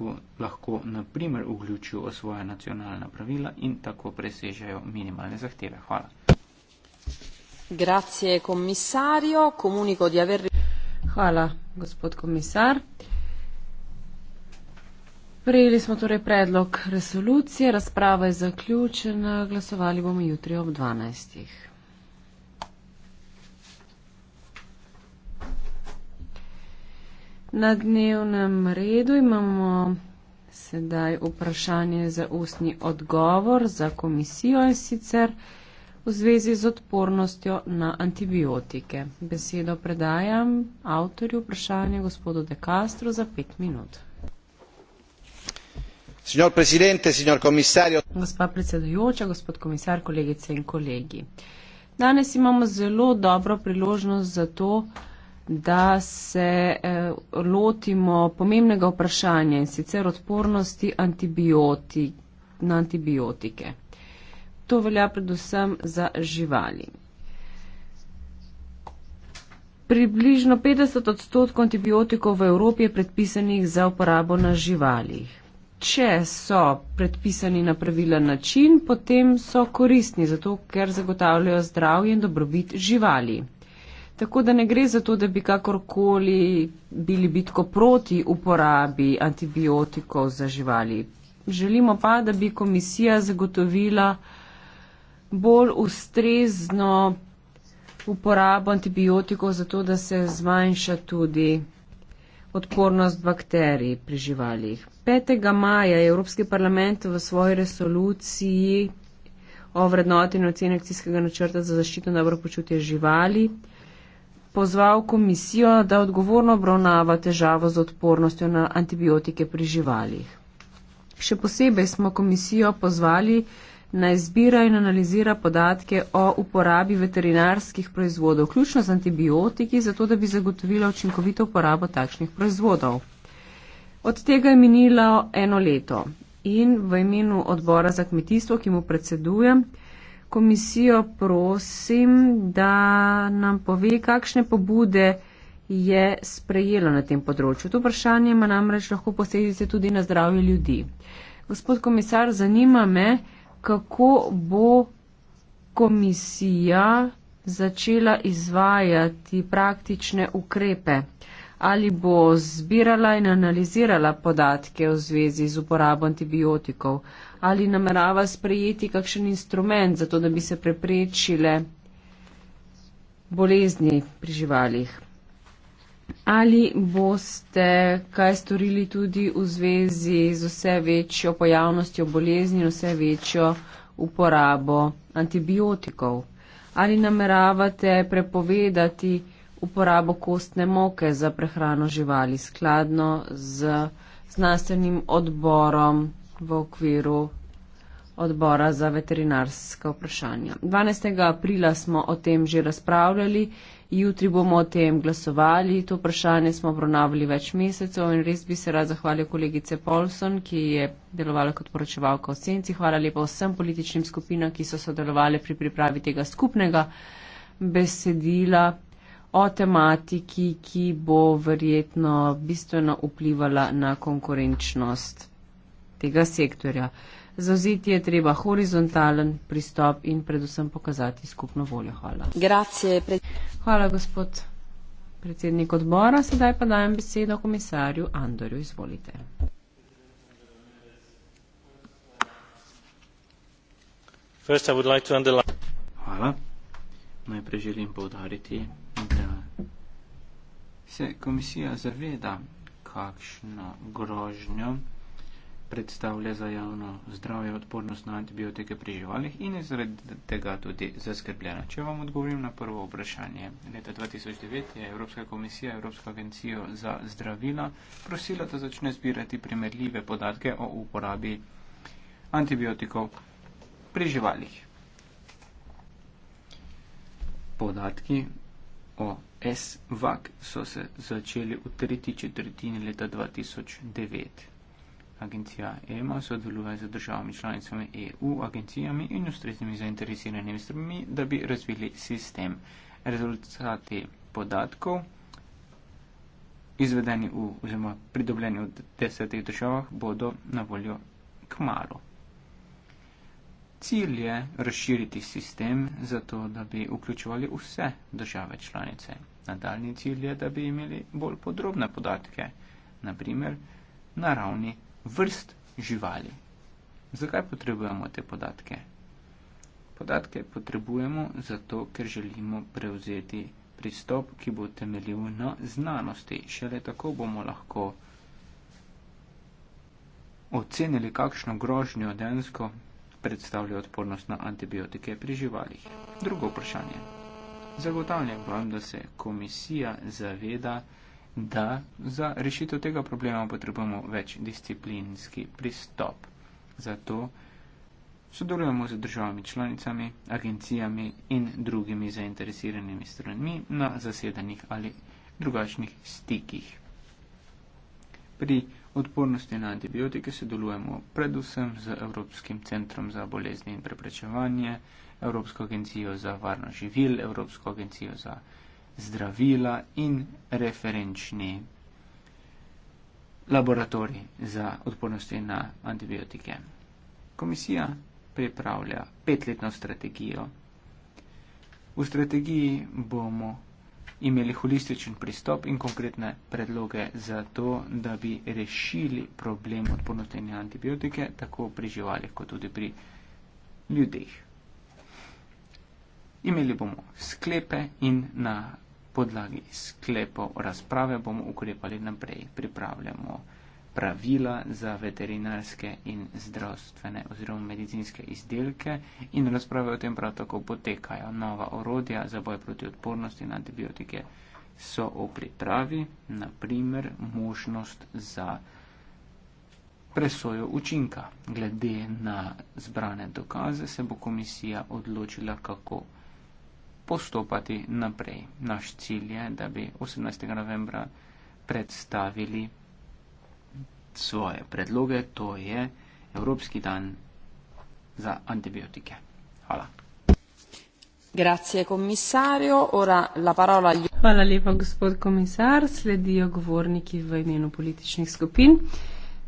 To lahko na primer v ključu osvoja nacionalna pravila in tako presežejo minimalne zahteve. Hvala. Grazie, komisarjo. Komuniko di aver... Hvala, gospod komisar. Prejeli smo torej predlog resolucije, razprava je zaključena, glasovali bomo jutri ob 12. Na dnevnem redu imamo sedaj vprašanje za ustni odgovor za komisijo in sicer v zvezi z odpornostjo na antibiotike. Besedo predajam avtorju vprašanja gospodu De Castro za pet minut. Gospa predsedujoča, gospod komisar, kolegice in kolegi. Danes imamo zelo dobro priložnost za to, da da se eh, lotimo pomembnega vprašanja in sicer odpornosti antibioti, na antibiotike. To velja predvsem za živali. Približno 50 odstotkov antibiotikov v Evropi je predpisanih za uporabo na živalih. Če so predpisani na pravilen način, potem so koristni, zato ker zagotavljajo zdravje in dobrobit živali. Tako da ne gre za to, da bi kakorkoli bili bitko proti uporabi antibiotikov za živali. Želimo pa, da bi komisija zagotovila bolj ustrezno uporabo antibiotikov, zato da se zmanjša tudi odpornost bakterij pri živalih. 5. maja je Evropski parlament v svoji resoluciji o vrednoti in oceni akcijskega načrta za zaščito dobro počutja živali pozval komisijo, da odgovorno obravnava težavo z odpornostjo na antibiotike pri živalih. Še posebej smo komisijo pozvali, naj zbira in analizira podatke o uporabi veterinarskih proizvodov, vključno z antibiotiki, zato da bi zagotovila učinkovito uporabo takšnih proizvodov. Od tega je minilo eno leto in v imenu odbora za kmetijstvo, ki mu predsedujem, komisijo prosim, da nam pove, kakšne pobude je sprejelo na tem področju. To vprašanje ima namreč lahko posledice tudi na zdravje ljudi. Gospod komisar, zanima me, kako bo komisija začela izvajati praktične ukrepe ali bo zbirala in analizirala podatke v zvezi z uporabo antibiotikov, ali namerava sprejeti kakšen instrument za to, da bi se preprečile bolezni pri živalih. Ali boste kaj storili tudi v zvezi z vse večjo pojavnostjo bolezni in vse večjo uporabo antibiotikov? Ali nameravate prepovedati uporabo kostne moke za prehrano živali skladno z znanstvenim odborom v okviru odbora za veterinarske vprašanja. 12. aprila smo o tem že razpravljali, jutri bomo o tem glasovali, to vprašanje smo obravnavali več mesecev in res bi se rad zahvalil kolegice Polson, ki je delovala kot poročevalka v senci. Hvala lepa vsem političnim skupinam, ki so sodelovali pri pripravi tega skupnega besedila, o tematiki, ki bo verjetno bistveno vplivala na konkurenčnost tega sektorja. Zauziti je treba horizontalen pristop in predvsem pokazati skupno voljo. Hvala. Grazie, pred... Hvala, gospod predsednik odbora. Sedaj pa dajem besedo komisarju Andorju. Izvolite. Like underline... Hvala. Najprej želim povdariti, se komisija zaveda, kakšno grožnjo predstavlja za javno zdravje odpornost na antibiotike pri živalih in je zaradi tega tudi zaskrbljena. Če vam odgovorim na prvo vprašanje. Leta 2009 je Evropska komisija, Evropska agencija za zdravila prosila, da začne zbirati primerljive podatke o uporabi antibiotikov pri živalih. Podatki o SVAK so se začeli v tretji četrtini leta 2009. Agencija EMA sodeluje z državami članicami EU, agencijami in ustreznimi zainteresiranimi strmi, da bi razvili sistem. Rezultati podatkov, izvedeni v, oziroma pridobljeni v desetih državah, bodo na voljo k malu. Cilj je razširiti sistem zato, da bi vključevali vse države članice. Nadaljni cilj je, da bi imeli bolj podrobne podatke, naprimer na ravni vrst živali. Zakaj potrebujemo te podatke? Podatke potrebujemo zato, ker želimo prevzeti pristop, ki bo temeljil na znanosti. Šele tako bomo lahko ocenili, kakšno grožnjo dejansko predstavlja odpornost na antibiotike pri živalih. Drugo vprašanje. Zagotavljam vam, da se komisija zaveda, da za rešitev tega problema potrebujemo več disciplinski pristop. Zato sodelujemo z državami članicami, agencijami in drugimi zainteresiranimi stranmi na zasedanih ali drugačnih stikih. Pri Odpornosti na antibiotike sodelujemo predvsem z Evropskim centrom za bolezni in preprečevanje, Evropsko agencijo za varno živil, Evropsko agencijo za zdravila in referenčni laboratori za odpornosti na antibiotike. Komisija pripravlja petletno strategijo. V strategiji bomo imeli holističen pristop in konkretne predloge za to, da bi rešili problem odpornotenja antibiotike tako pri živalih kot tudi pri ljudeh. Imeli bomo sklepe in na podlagi sklepov razprave bomo ukrepali naprej. Pripravljamo pravila za veterinarske in zdravstvene oziroma medicinske izdelke in razprave o tem prav tako potekajo. Nova orodja za boj proti odpornosti na antibiotike so v pripravi, naprimer možnost za presojo učinka. Glede na zbrane dokaze se bo komisija odločila, kako postopati naprej. Naš cilj je, da bi 18. novembra predstavili svoje predloge, to je Evropski dan za antibiotike. Hvala. Grazie, komisarjo. Ora la parola agli... Hvala lepa, gospod komisar. Sledijo govorniki v imenu političnih skupin.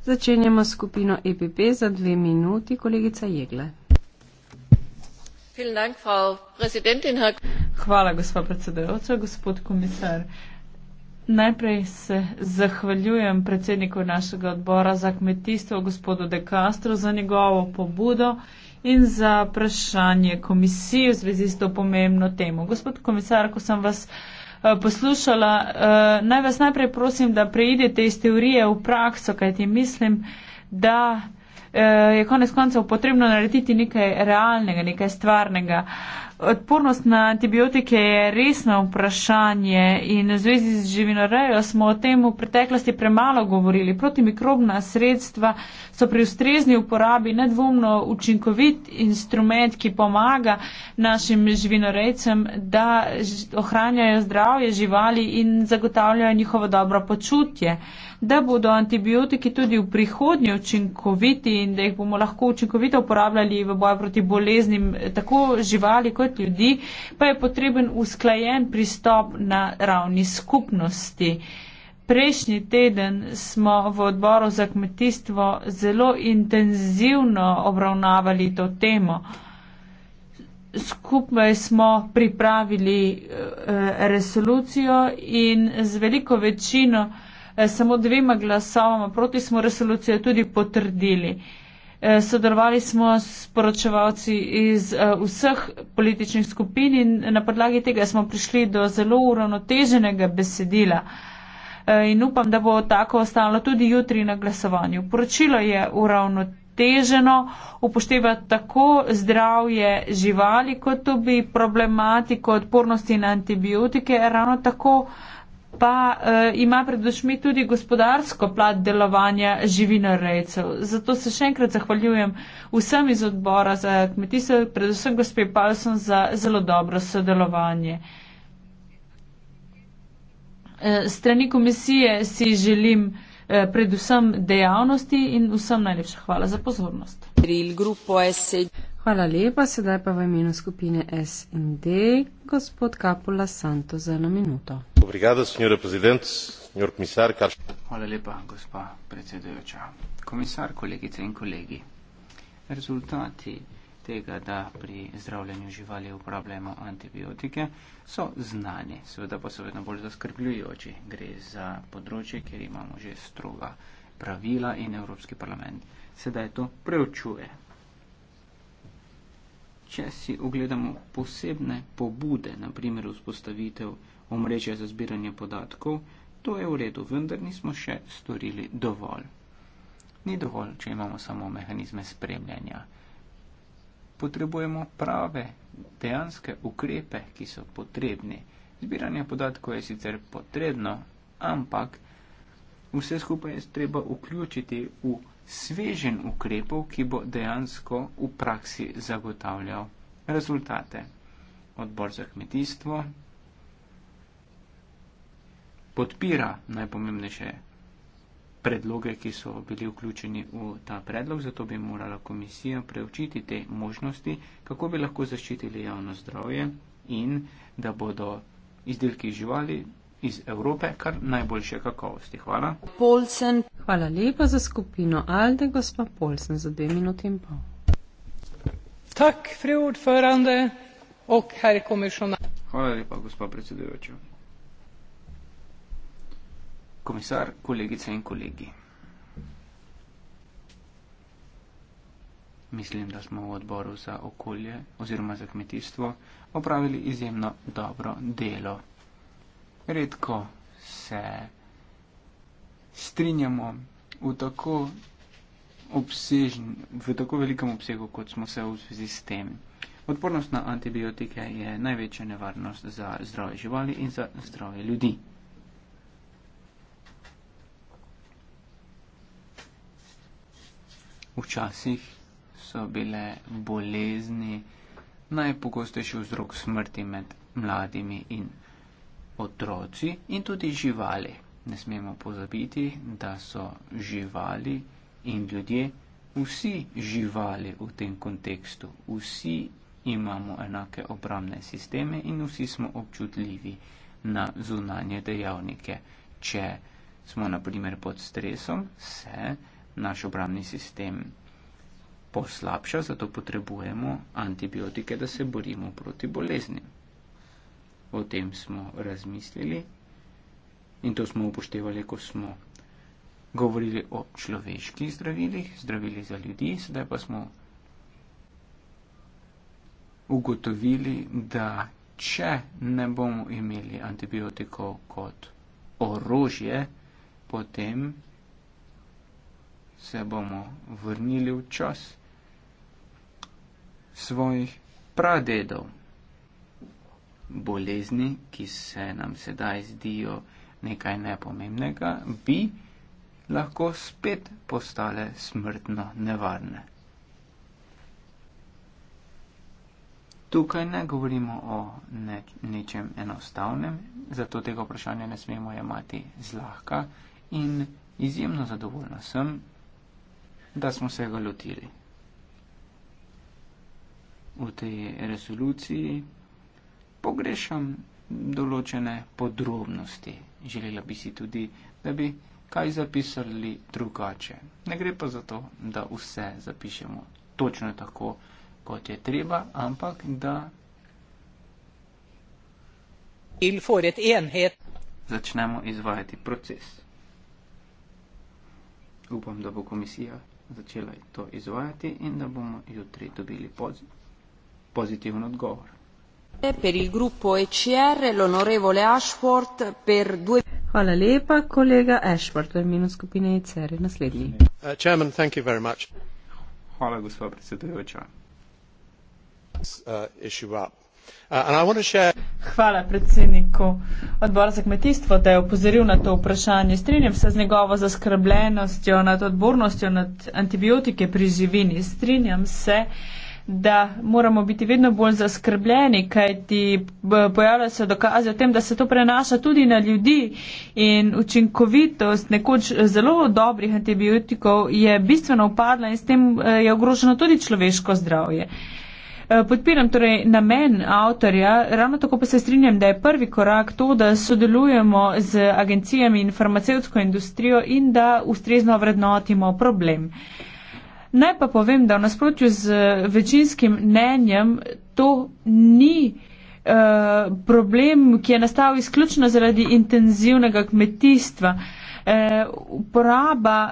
Začenjamo s skupino EPP za dve minuti. Kolegica Jegle. Hvala, gospod predsedujoča, gospod komisar. Uh, Najprej se zahvaljujem predsedniku našega odbora za kmetijstvo, gospodu De Castro, za njegovo pobudo in za vprašanje komisije v zvezi s to pomembno temo. Gospod komisar, ko sem vas eh, poslušala, eh, naj vas najprej prosim, da preidete iz teorije v prakso, kajti mislim, da eh, je konec koncev potrebno narediti nekaj realnega, nekaj stvarnega. Odpornost na antibiotike je resno vprašanje in v zvezi z živinorejo smo o tem v preteklosti premalo govorili. Protimikrobna sredstva so pri ustrezni uporabi nedvomno učinkovit instrument, ki pomaga našim živinorejcem, da ohranjajo zdravje živali in zagotavljajo njihovo dobro počutje da bodo antibiotiki tudi v prihodnje učinkoviti in da jih bomo lahko učinkovito uporabljali v boju proti boleznim, tako živali kot ljudi, pa je potreben usklajen pristop na ravni skupnosti. Prejšnji teden smo v odboru za kmetijstvo zelo intenzivno obravnavali to temo. Skupaj smo pripravili eh, resolucijo in z veliko večino eh, Eh, samo dvema glasovama proti smo resolucijo tudi potrdili. Eh, sodelovali smo s poročevalci iz eh, vseh političnih skupin in na podlagi tega smo prišli do zelo uravnoteženega besedila. In upam, da bo tako ostalo tudi jutri na glasovanju. Poročilo je uravnoteženo, upošteva tako zdravje živali, kot tudi problematiko odpornosti na antibiotike, ravno tako pa uh, ima pred očmi tudi gospodarsko plat delovanja živinorejcev. Zato se še enkrat zahvaljujem vsem iz odbora za kmetijstvo, predvsem gospe Palson za zelo dobro sodelovanje. Eh, strani komisije si želim eh, predvsem dejavnosti in vsem najlepša hvala za pozornost. Hvala lepa, sedaj pa v imenu skupine SND gospod Kapula Santo za eno minuto gospa predsedujoča komisar kolegice in kolegi rezultati tega da pri zdravljenju živali uporabljamo antibiotike so znani seveda pa so vedno bolj zaskrbljujoči gre za področje kjer imamo že stroga pravila in evropski parlament sedaj to preučuje če si ogledamo posebne pobude na primer vzpostavitev omrežja za zbiranje podatkov, to je v redu, vendar nismo še storili dovolj. Ni dovolj, če imamo samo mehanizme spremljanja. Potrebujemo prave, dejanske ukrepe, ki so potrebni. Zbiranje podatkov je sicer potrebno, ampak vse skupaj je treba vključiti v svežen ukrepov, ki bo dejansko v praksi zagotavljal rezultate. Odbor za kmetijstvo, podpira najpomembnejše predloge, ki so bili vključeni v ta predlog, zato bi morala komisija preučiti te možnosti, kako bi lahko zaščitili javno zdravje in da bodo izdelki živali iz Evrope kar najboljše kakovosti. Hvala. Polsen. Hvala lepa za skupino Alde, gospa Polsen, za dve minuti in pol. Tak, fru ordförande, ok, herr komisionar. Hvala lepa, gospa predsedujoča komisar, kolegice in kolegi. Mislim, da smo v odboru za okolje oziroma za kmetijstvo opravili izjemno dobro delo. Redko se strinjamo v tako, obsežen, v tako velikem obsegu, kot smo se v zvezi s tem. Odpornost na antibiotike je največja nevarnost za zdrave živali in za zdrave ljudi. Včasih so bile bolezni najpogostejši vzrok smrti med mladimi in otroci in tudi živali. Ne smemo pozabiti, da so živali in ljudje vsi živali v tem kontekstu. Vsi imamo enake obramne sisteme in vsi smo občutljivi na zunanje dejavnike. Če smo naprimer pod stresom, se naš obramni sistem poslabša, zato potrebujemo antibiotike, da se borimo proti bolezni. O tem smo razmislili in to smo upoštevali, ko smo govorili o človeških zdravilih, zdravilih za ljudi, sedaj pa smo ugotovili, da če ne bomo imeli antibiotikov kot orožje, potem se bomo vrnili v čas svojih pradedov. Bolezni, ki se nam sedaj zdijo nekaj nepomembnega, bi lahko spet postale smrtno nevarne. Tukaj ne govorimo o ne, nečem enostavnem, zato tega vprašanja ne smemo jemati zlahka in izjemno zadovoljna sem, da smo se ga lotili. V tej resoluciji pogrešam določene podrobnosti. Želela bi si tudi, da bi kaj zapisali drugače. Ne gre pa za to, da vse zapišemo točno tako, kot je treba, ampak da začnemo izvajati proces. Upam, da bo komisija začela to izvajati in da bomo jutri dobili pozit pozitivno odgovor. Per il gruppo ECR, l'onorevole Ashworth, per due... Hvala lepa, kolega Ashworth, v imenu skupine ECR, naslednji. Uh, chairman, thank you very much. Hvala, gospod predsedujoča. Uh, issue up. Uh, Hvala predsedniku odbora za kmetijstvo, da je upozoril na to vprašanje. Strinjam se z njegovo zaskrbljenostjo nad odbornostjo nad antibiotike pri živini. Strinjam se, da moramo biti vedno bolj zaskrbljeni, kajti pojavljajo se dokaze o tem, da se to prenaša tudi na ljudi in učinkovitost nekoč eh, zelo dobrih antibiotikov je bistveno upadla in s tem eh, je ogroženo tudi človeško zdravje. Eh, podpiram torej namen avtorja, ravno tako pa se strinjam, da je prvi korak to, da sodelujemo z agencijami in farmacevtsko industrijo in da ustrezno vrednotimo problem. Naj pa povem, da v nasprotju z večinskim mnenjem to ni eh, problem, ki je nastal izključno zaradi intenzivnega kmetijstva. Eh, uporaba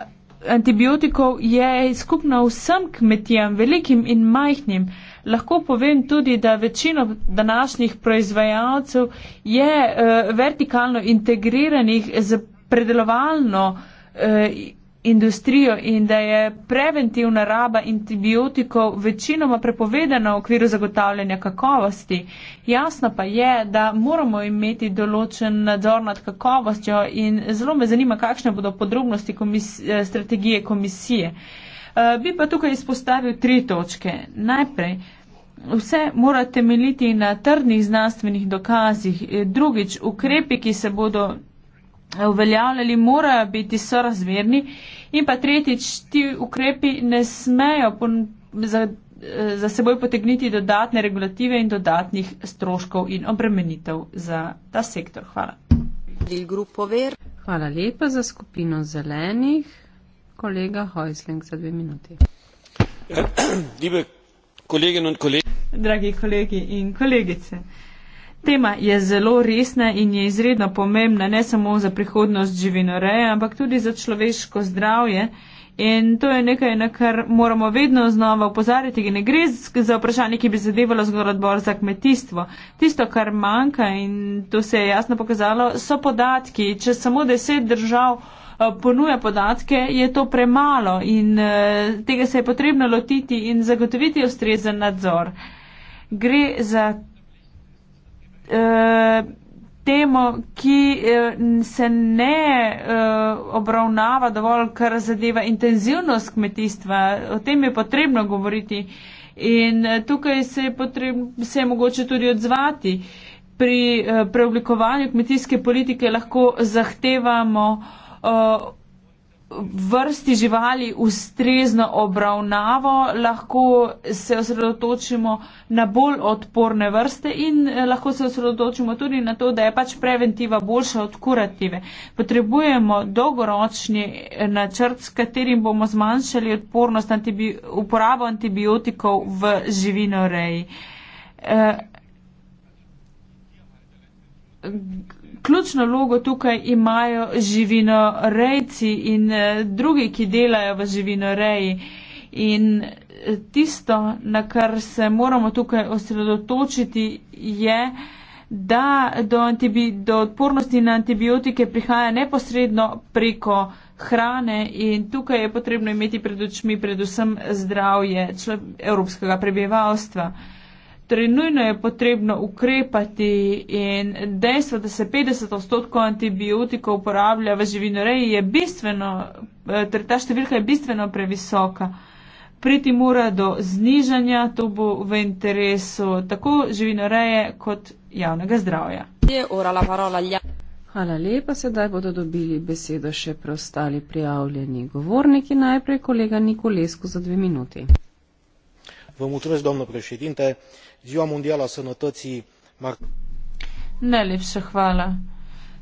antibiotikov je skupno vsem kmetijam, velikim in majhnim. Lahko povem tudi, da večino današnjih proizvajalcev je uh, vertikalno integriranih z predelovalno uh, industrijo in da je preventivna raba antibiotikov večinoma prepovedana v okviru zagotavljanja kakovosti. Jasno pa je, da moramo imeti določen nadzor nad kakovostjo in zelo me zanima, kakšne bodo podrobnosti komis eh, strategije komisije. Eh, bi pa tukaj izpostavil tri točke. Najprej, vse mora temeljiti na trdnih znanstvenih dokazih. Eh, drugič, ukrepi, ki se bodo uveljavljali, morajo biti sorazmerni in pa tretjič, ti ukrepi ne smejo pon, za, za seboj potegniti dodatne regulative in dodatnih stroškov in obremenitev za ta sektor. Hvala. Hvala lepa za skupino zelenih. Kolega Hojsling za dve minuti. Dibe, kolegin in kolegi. Dragi kolegi in kolegice. Tema je zelo resna in je izredno pomembna ne samo za prihodnost živinoreje, ampak tudi za človeško zdravje. In to je nekaj, na kar moramo vedno znova upozarjati. Ne gre za vprašanje, ki bi zadevalo zgolj odbor za kmetijstvo. Tisto, kar manjka in to se je jasno pokazalo, so podatki. Če samo deset držav eh, ponuja podatke, je to premalo in eh, tega se je potrebno lotiti in zagotoviti ustrezen nadzor. Gre za eh, temo, ki eh, se ne eh, obravnava dovolj, kar zadeva intenzivnost kmetijstva. O tem je potrebno govoriti in eh, tukaj se je, potreb, se je mogoče tudi odzvati. Pri eh, preoblikovanju kmetijske politike lahko zahtevamo eh, vrsti živali ustrezno obravnavo, lahko se osredotočimo na bolj odporne vrste in eh, lahko se osredotočimo tudi na to, da je pač preventiva boljša od kurative. Potrebujemo dolgoročni eh, načrt, s katerim bomo zmanjšali antibi uporabo antibiotikov v živinoreji. E, Ključno logo tukaj imajo živinorejci in eh, drugi, ki delajo v živinoreji. In eh, tisto, na kar se moramo tukaj osredotočiti, je, da do, do odpornosti na antibiotike prihaja neposredno preko hrane in tukaj je potrebno imeti pred očmi predvsem zdravje evropskega prebivalstva. Torej, nujno je potrebno ukrepati in dejstvo, da se 50 odstotkov antibiotikov uporablja v živinoreji, je bistveno, eh, torej ta številka je bistveno previsoka. Priti mora do znižanja, to bo v interesu tako živinoreje kot javnega zdravja. Hvala lepa, sedaj bodo dobili besedo še preostali prijavljeni govorniki. Najprej kolega Nikolesko za dve minuti. Vam utrujem, domno prešedite. Uh, ziua mondială a sănătății. Najlepša hvala.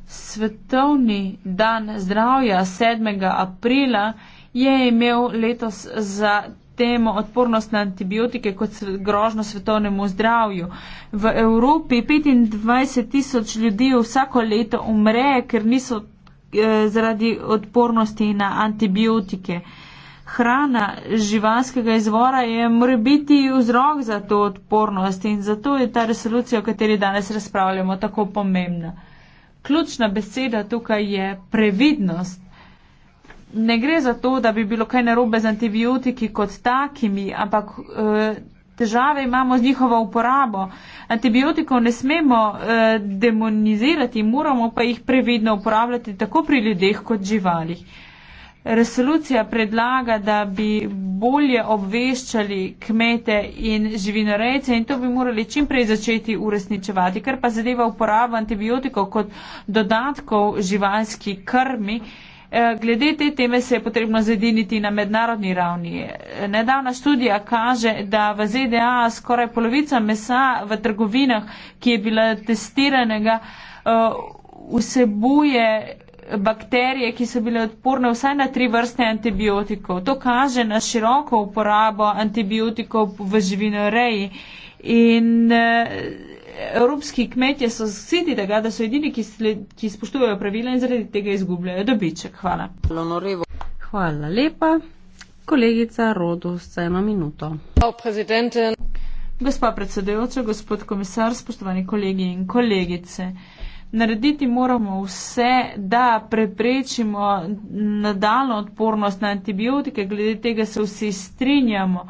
Svetovni dan zdravja 7. aprila je imel letos za temo odpornost na antibiotike kot grožno svetovnemu zdravju. V Evropi 25 tisoč ljudi vsako leto umre, ker niso eh, zaradi odpornosti na antibiotike. Eh, hrana živalskega izvora je mora biti vzrok za to odpornost in zato je ta resolucija, o kateri danes razpravljamo, tako pomembna. Ključna beseda tukaj je previdnost. Ne gre za to, da bi bilo kaj narobe z antibiotiki kot takimi, ampak eh, težave imamo z njihovo uporabo. Antibiotikov ne smemo eh, demonizirati, moramo pa jih previdno uporabljati tako pri ljudeh kot živalih. Resolucija predlaga, da bi bolje obveščali kmete in živinorejce in to bi morali čim prej začeti uresničevati. Kar pa zadeva uporabo antibiotikov kot dodatkov živalski krmi, eh, glede te teme se je potrebno zediniti na mednarodni ravni. Nedavna študija kaže, da v ZDA skoraj polovica mesa v trgovinah, ki je bila testiranega, eh, vsebuje bakterije, ki so bile odporne vsaj na tri vrste antibiotikov. To kaže na široko uporabo antibiotikov v živinoreji. In eh, evropski kmetje so vsi ti tega, da so edini, ki, sled, ki spoštujejo pravila in zaradi tega izgubljajo dobiček. Hvala. Hvala lepa. Kolegica Rodo, za eno minuto. Gospa predsedujoča, gospod komisar, spoštovani kolegi in kolegice narediti moramo vse, da preprečimo nadaljno odpornost na antibiotike, glede tega se vsi strinjamo.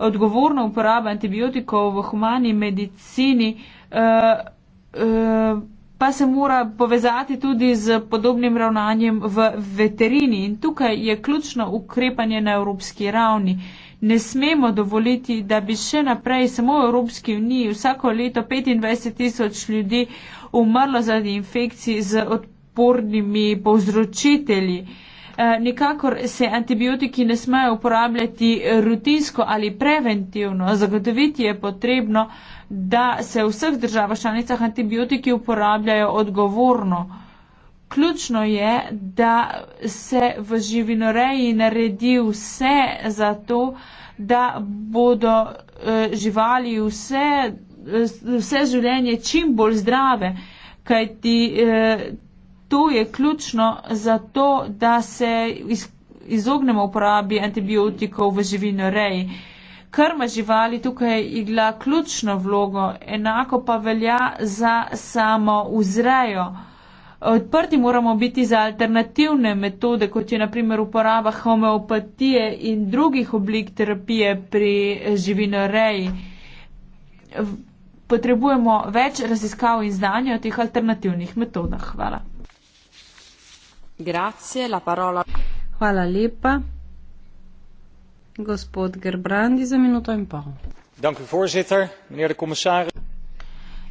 Odgovorna uporaba antibiotikov v humani medicini uh, uh, pa se mora povezati tudi z podobnim ravnanjem v veterini in tukaj je ključno ukrepanje na evropski ravni. Ne smemo dovoliti, da bi še naprej samo v Evropski uniji vsako leto 25 tisoč ljudi umrlo zaradi infekcij z odpornimi povzročitelji. Eh, nikakor se antibiotiki ne smejo uporabljati rutinsko ali preventivno. Zagotoviti je potrebno, da se v vseh državah članicah antibiotiki uporabljajo odgovorno. Ključno je, da se v živinoreji naredi vse za to, da bodo eh, živali vse vse življenje čim bolj zdrave, kajti eh, to je ključno za to, da se izognemo uporabi antibiotikov v živino reji. Krma živali tukaj igla ključno vlogo, enako pa velja za samo vzrejo. Odprti moramo biti za alternativne metode, kot je naprimer uporaba homeopatije in drugih oblik terapije pri živinoreji potrebujemo več raziskav in znanja o teh alternativnih metodah. Hvala. Grazie, Hvala lepa. Gospod Gerbrandi za minuto in pol. Danke, voorzitter, meneer de commissaris.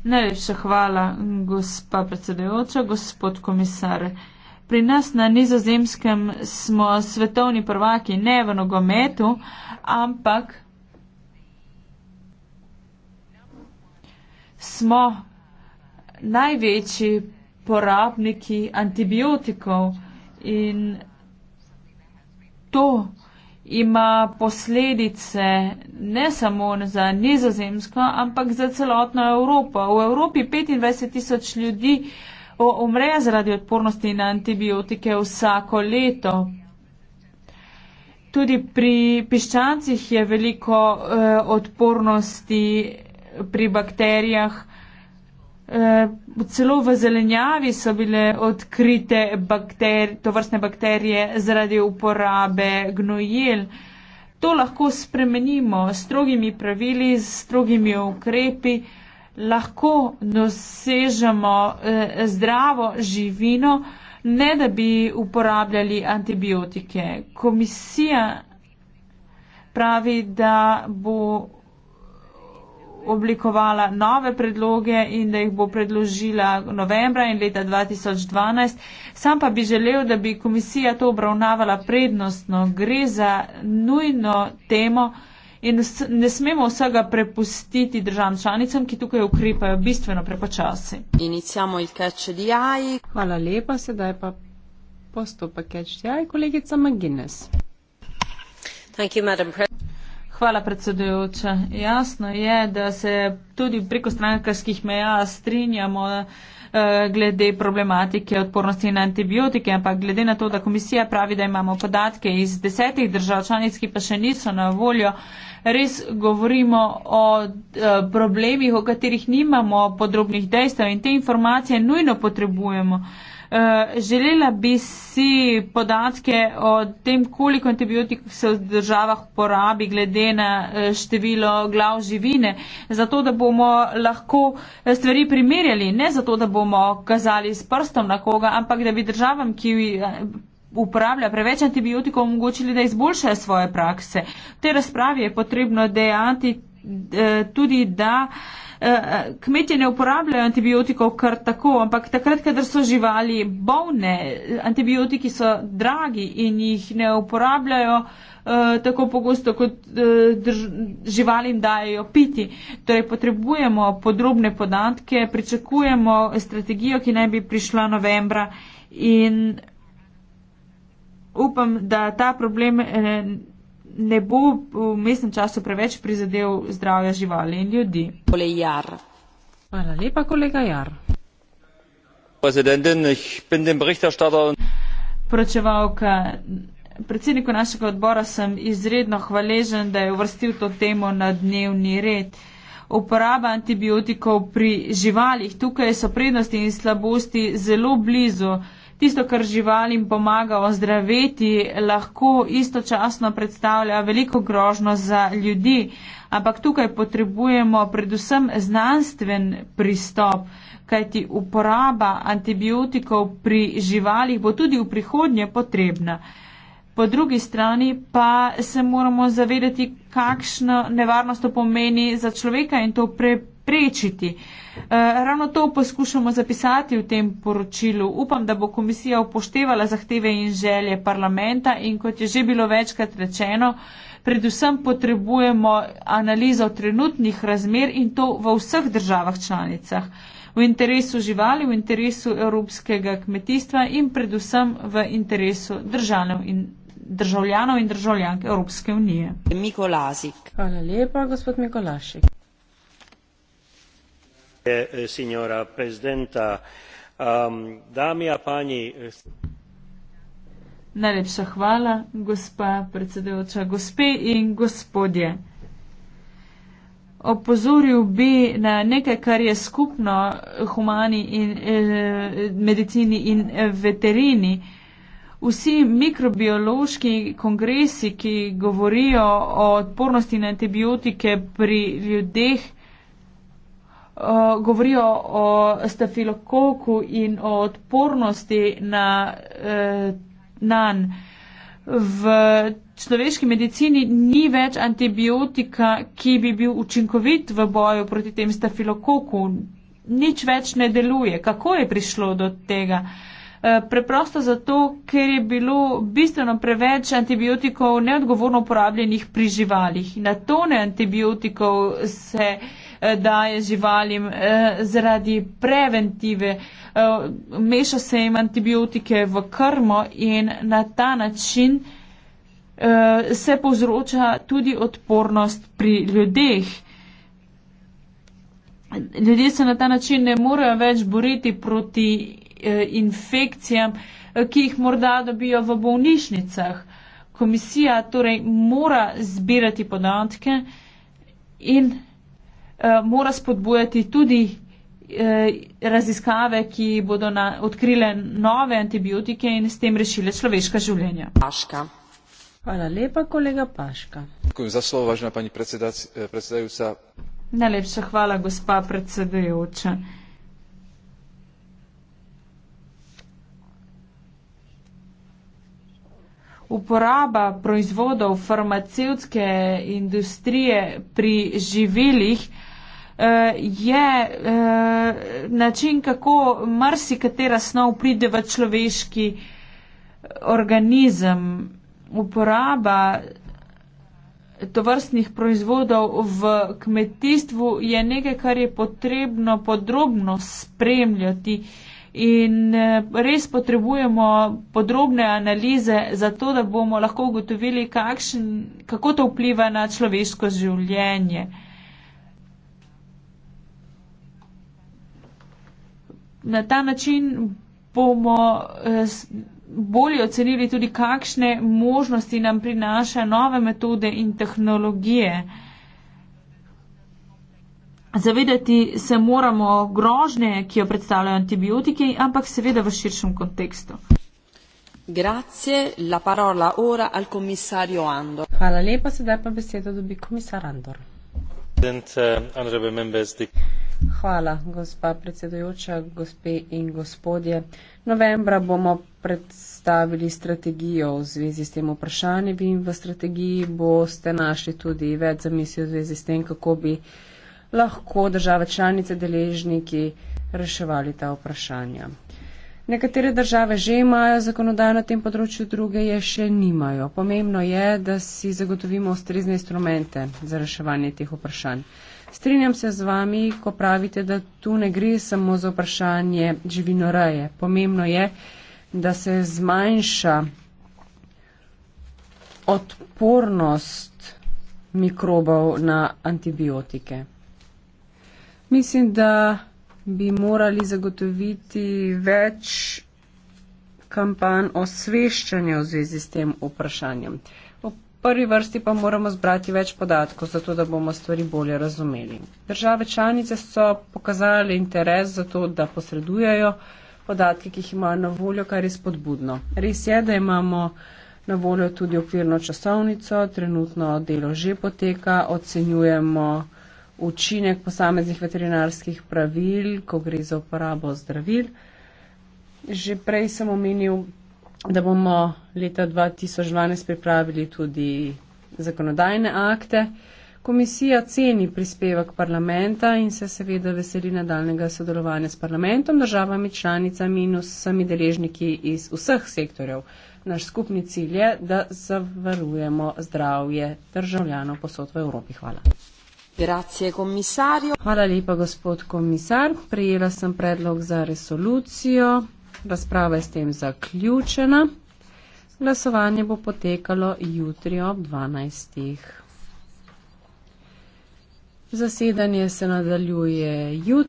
Najlepša hvala, gospa predsedujoča, gospod komisar. Pri nas na nizozemskem smo svetovni prvaki ne v nogometu, ampak smo največji porabniki antibiotikov in to ima posledice ne samo za nizozemsko, ampak za celotno Evropo. V Evropi 25 tisoč ljudi umre zaradi odpornosti na antibiotike vsako leto. Tudi pri piščancih je veliko eh, odpornosti pri bakterijah. Eh, celo v zelenjavi so bile odkrite bakter, tovrstne bakterije zaradi uporabe gnojil. To lahko spremenimo s strogimi pravili, s strogimi ukrepi. Lahko dosežemo eh, zdravo živino, ne da bi uporabljali antibiotike. Komisija pravi, da bo oblikovala nove predloge in da jih bo predložila novembra in leta 2012. Sam pa bi želel, da bi komisija to obravnavala prednostno. Gre za nujno temo in ne smemo vsega prepustiti državam članicam, ki tukaj ukrepajo bistveno prepočasi. Hvala lepa, sedaj pa postopek HDI, kolegica McGuinness. Thank you, Madam President. Hvala, predsedujoča. Jasno je, da se tudi preko strankarskih meja strinjamo eh, glede problematike odpornosti na antibiotike, ampak glede na to, da komisija pravi, da imamo podatke iz desetih držav članic, ki pa še niso na voljo, res govorimo o eh, problemih, o katerih nimamo podrobnih dejstev in te informacije nujno potrebujemo. Eh, želela bi si podatke o tem, koliko antibiotikov se v državah porabi glede na eh, število glav živine, zato da bomo lahko eh, stvari primerjali, ne zato da bomo kazali s prstom na koga, ampak da bi državam, ki uporablja preveč antibiotikov, omogočili, da izboljšajo svoje prakse. V tej razpravi je potrebno dejati Eh, tudi, da eh, kmetje ne uporabljajo antibiotikov kar tako, ampak takrat, kadar so živali bolne, antibiotiki so dragi in jih ne uporabljajo eh, tako pogosto, kot živalim dajo piti. Torej potrebujemo podrobne podatke, pričakujemo strategijo, ki naj bi prišla novembra in upam, da ta problem. Eh, ne bo v mestnem času preveč prizadel zdravja živali in ljudi. Hvala lepa, kolega Jar. Pročevalka, predsedniku našega odbora sem izredno hvaležen, da je uvrstil to temo na dnevni red. Uporaba antibiotikov pri živalih, tukaj so prednosti in slabosti zelo blizu tisto, kar živalim pomaga ozdraveti, lahko istočasno predstavlja veliko grožno za ljudi. Ampak tukaj potrebujemo predvsem znanstven pristop, kajti uporaba antibiotikov pri živalih bo tudi v prihodnje potrebna. Po drugi strani pa se moramo zavedati, kakšno nevarnost to pomeni za človeka in to prepričati preprečiti. Eh, ravno to poskušamo zapisati v tem poročilu. Upam, da bo komisija upoštevala zahteve in želje parlamenta in kot je že bilo večkrat rečeno, predvsem potrebujemo analizo trenutnih razmer in to v vseh državah članicah. V interesu živali, v interesu evropskega kmetijstva in predvsem v interesu državljanov in državljanov in državljank Evropske unije. Mikolasik. Hvala lepa, gospod Mikolašik. E, e, e, Najlepša hvala, gospa predsedujoča. Gospe in gospodje. Opozoril bi na nekaj, kar je skupno humani in eh, medicini in eh, veterini. Vsi mikrobiološki kongresi, ki govorijo o odpornosti na antibiotike pri ljudeh, Eh, govorijo o stafilokoku in o odpornosti na uh, eh, nan. V človeški medicini ni več antibiotika, ki bi bil učinkovit v boju proti tem stafilokoku. Nič več ne deluje. Kako je prišlo do tega? Eh, preprosto zato, ker je bilo bistveno preveč antibiotikov neodgovorno uporabljenih pri živalih. Na tone antibiotikov se uh, Eh, daje živalim eh, zaradi preventive. Eh, meša se jim antibiotike v krmo in na ta način se povzroča tudi odpornost pri ljudeh. Ljudje se na ta način ne morejo več boriti proti infekcijam, ki jih morda dobijo v bolnišnicah. Komisija torej mora zbirati podatke in Eh, mora spodbujati tudi eh, raziskave, ki bodo na, odkrile nove antibiotike in s tem rešile človeška življenja. Paška. Hvala lepa, kolega Paška. Hvala za slovo, važna pani eh, predsedajuca. Najlepša hvala, gospa predsedajoča. Uporaba proizvodov farmacevtske industrije pri živilih Eh, je eh, način, kako marsikatera snov pride v človeški organizem. Uporaba tovrstnih proizvodov v kmetijstvu je nekaj, kar je potrebno podrobno spremljati. In eh, res potrebujemo podrobne analize za to, da bomo lahko ugotovili, kakšen, kako to vpliva na človeško življenje. na ta način bomo eh, bolje ocenili tudi, kakšne možnosti nam prinaša nove metode in tehnologije. Zavedati se moramo grožnje, ki jo predstavljajo antibiotiki, ampak seveda v širšem kontekstu. Grazie, la parola ora al commissario Andor. Hvala lepa, sedaj pa besedo dobi komisar Andor. President, uh, honorable members, the... Hvala, gospa predsedujoča, gospe in gospodje. Novembra bomo predstavili strategijo v zvezi s tem vprašanjem in v strategiji boste našli tudi več zamisli v zvezi s tem, kako bi lahko države članice deležniki reševali ta vprašanja. Nekatere države že imajo zakonodajo na tem področju, druge je še nimajo. Pomembno je, da si zagotovimo ustrezne instrumente za reševanje teh vprašanj. Strinjam se z vami, ko pravite, da tu ne gre samo za vprašanje živinoreje. Pomembno je, da se zmanjša odpornost mikrobov na antibiotike. Mislim, da bi morali zagotoviti več kampanj osveščanja v zvezi s tem vprašanjem. Uh, prvi vrsti pa moramo zbrati več podatkov, zato da bomo stvari bolje razumeli. Države članice so pokazali interes za to, da posredujajo podatke, ki jih imajo na voljo, kar je spodbudno. Res je, da imamo na voljo tudi okvirno časovnico, trenutno delo že poteka, ocenjujemo učinek posameznih veterinarskih pravil, ko gre za uporabo zdravil. Že prej sem omenil da bomo leta 2012 pripravili tudi zakonodajne akte. Komisija ceni prispevek parlamenta in se seveda veseli nadaljnega sodelovanja s parlamentom, državami, članicami in vsemi deležniki iz vseh sektorjev. Naš skupni cilj je, da zavarujemo zdravje državljanov posod v Evropi. Hvala. Grazie, Hvala lepa, gospod komisar. Prijela sem predlog za resolucijo. Razprava je s tem zaključena. Glasovanje bo potekalo jutri ob 12. Zasedanje se nadaljuje jutri.